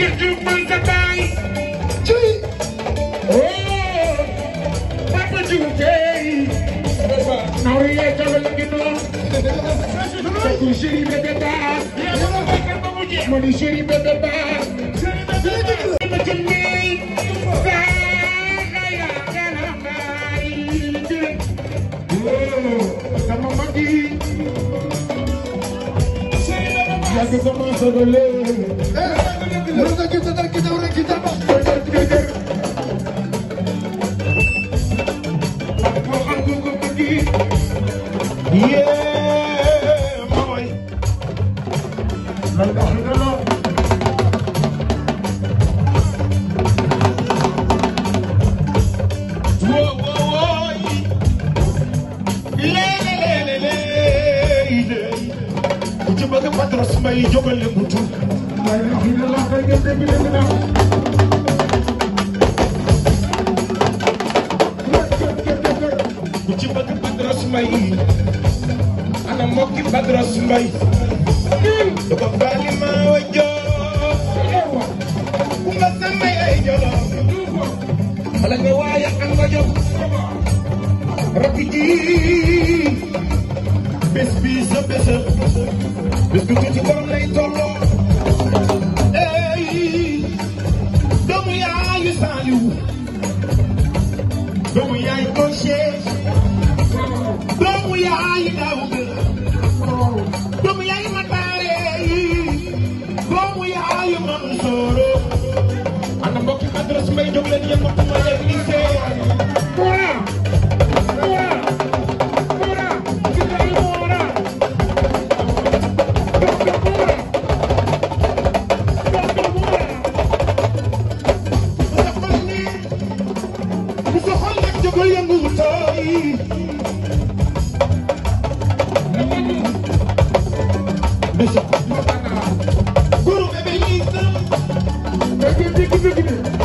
Cheikh Diouf Manta Baye ci oh Papa Diouf tey nawri ye tabal ngi noonu ko chéri bébé ba mo di chéri bébé ba ma ci ngay ba ya kana baye oh sama magi Yàgg sama sogole kita kita kita kita Mbaye jógale mu tur. waaye nag ñu ne laa koy ngeen dégg dégg naa. ci bëgg Badras Mbaye ana mbokki Badras Mbaye dafa baali maa wa joo ku ma sàmmay ay jolo bala nga waaye am nga jóg rapi ji ci sa bés bis bu ci borom lay tolloo ey doomu yaayu Saliou doomu yaayu Koché doomu yaayu Daouda doomu yaayu Matare doomu yaayu Mansour ana mbokki adresse mbay jóg leen yéen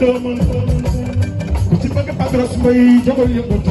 doo mën ku ci bëgg Padros Mbaye jabar yëngatu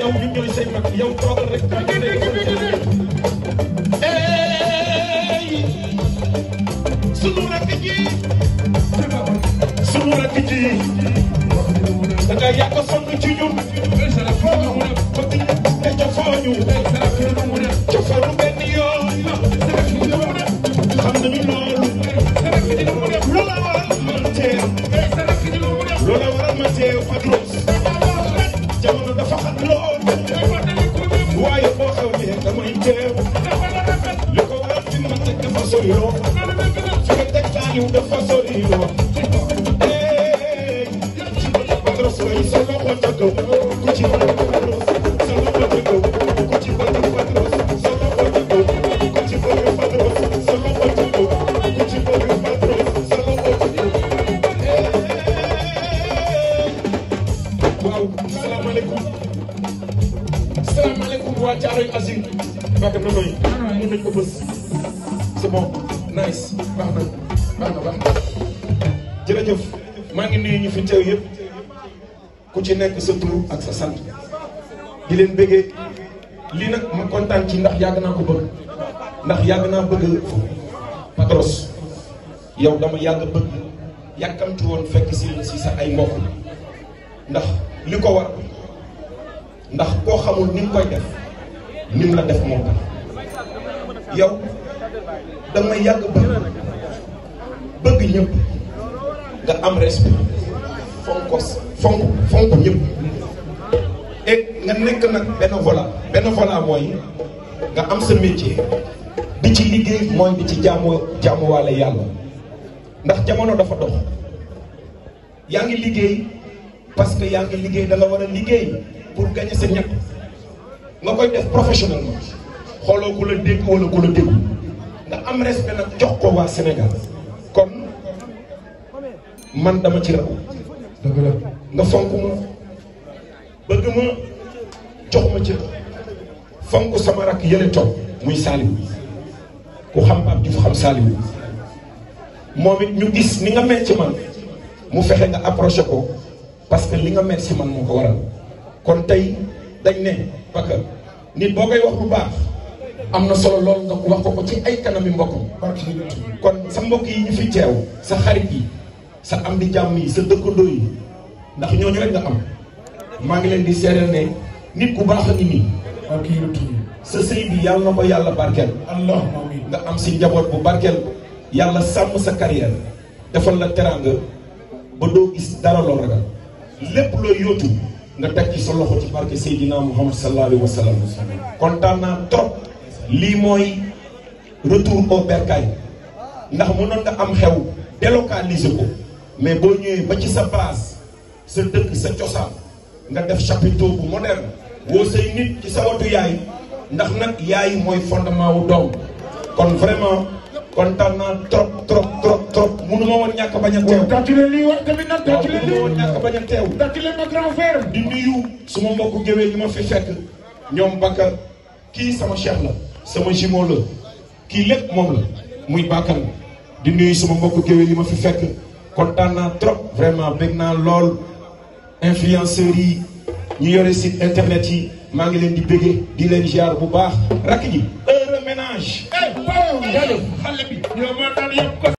yow ñun ñooy say mag yow yiw dafa sori woon Padros way sa loxo ca kaw ku ci Padros sa loxo ca kaw ku ci Padros sa loxo ca kaw ku ci Padros sa loxo ca kaw ku ci Padros sa loxo ca kaw waaw salaamaaleykum salaamaaleykum waa Caaroy Azur baax na noonu mën nañ ko bës c'est bon nice baax na jërëjëf maa ngi nuyu ñu fi teew yëpp ku ci nekk sa tur ak sa sant di leen bëggee lii nag ma kontaan ci ndax yàgg naa ko bëgg ndax yàgg naa bëgg Padros yow dama yàgg bëgg yàkkamti woon fekk si si sa ay mbokk ndax li ko war ndax koo xamul ni mu koy def ni mu la def moo tax yow dama yàgg bëgg bëgg ñëpp nga am respect fonk fonk fonk ñëpp nga nekk nag benn vola benn vola mooy nga am sa métier bi ci liggéey mooy bi ci jaamu jaamuwaale yàlla ndax jamono dafa dox yaa ngi liggéey parce que yaa ngi liggéey da war a liggéey pour gagner sa ñàkk nga koy def professionnellement xooloo ku la dégg wala ku la déggu nga am respect nag jox ko waa Sénégal man dama ci raw nga fonk ma bëgg ma jox ma cër fonk sama rakk yële toog muy Saliou ku xam Pape Diouf xam Saliou moom it ñu gis ni nga mel ci man mu fexe nga approché ko parce que li nga mel ci man moo ko waral kon tey dañ ne parce que nit boo koy wax bu baax am na solo lool nga wax ko ko ci ay kanami mbokk kon sa mbokk yi ñu fi teew sa xarit yi sa am di jàmm yi sa dëkkandoo yi ndax ñooñu rek nga am maa ngi leen di seereel ne nit ku baax a ngi sa sëy bi yàlla na ko yàlla barkeel allahumma amiin nga am si njaboot bu barkeel yàlla sàmm sa carrière defal la teraanga ba doo gis dara loo ragal lépp looy yóotu nga teg ci sa loxo ci barke Seydina Muhammad sallallahu alayhi wa sallam kontaan naa trop lii mooy retour au bercail ndax mënoon nga am xew délocaliser ko mais boo ñëwee ba ci sa base sa dëkk sa cosaan nga def chapiteau bu moderne woo say nit ci sa watu yaay ndax nag yaay mooy fondement wu doom kon vraiment kontaan naa trop trop trop trop munu ma woon ñàkk bañ a teew. tàccu leen lii wax tamit nag tàccu leen ma grand frère. di nuyu suma mbokku géwél yi ma fi fekk ñoom Bakar kii sama cheikh la sama jumeau la kii lépp moom la muy Bakar di nuyu suma mbokku géwél yi ma fi fekk. kontaan naa trop vraiment bëgg naa lool influenceurs yi ñu yore site internet yi maa ngi leen di bëggee di leen ziar bu baax rakk ji heure ménage.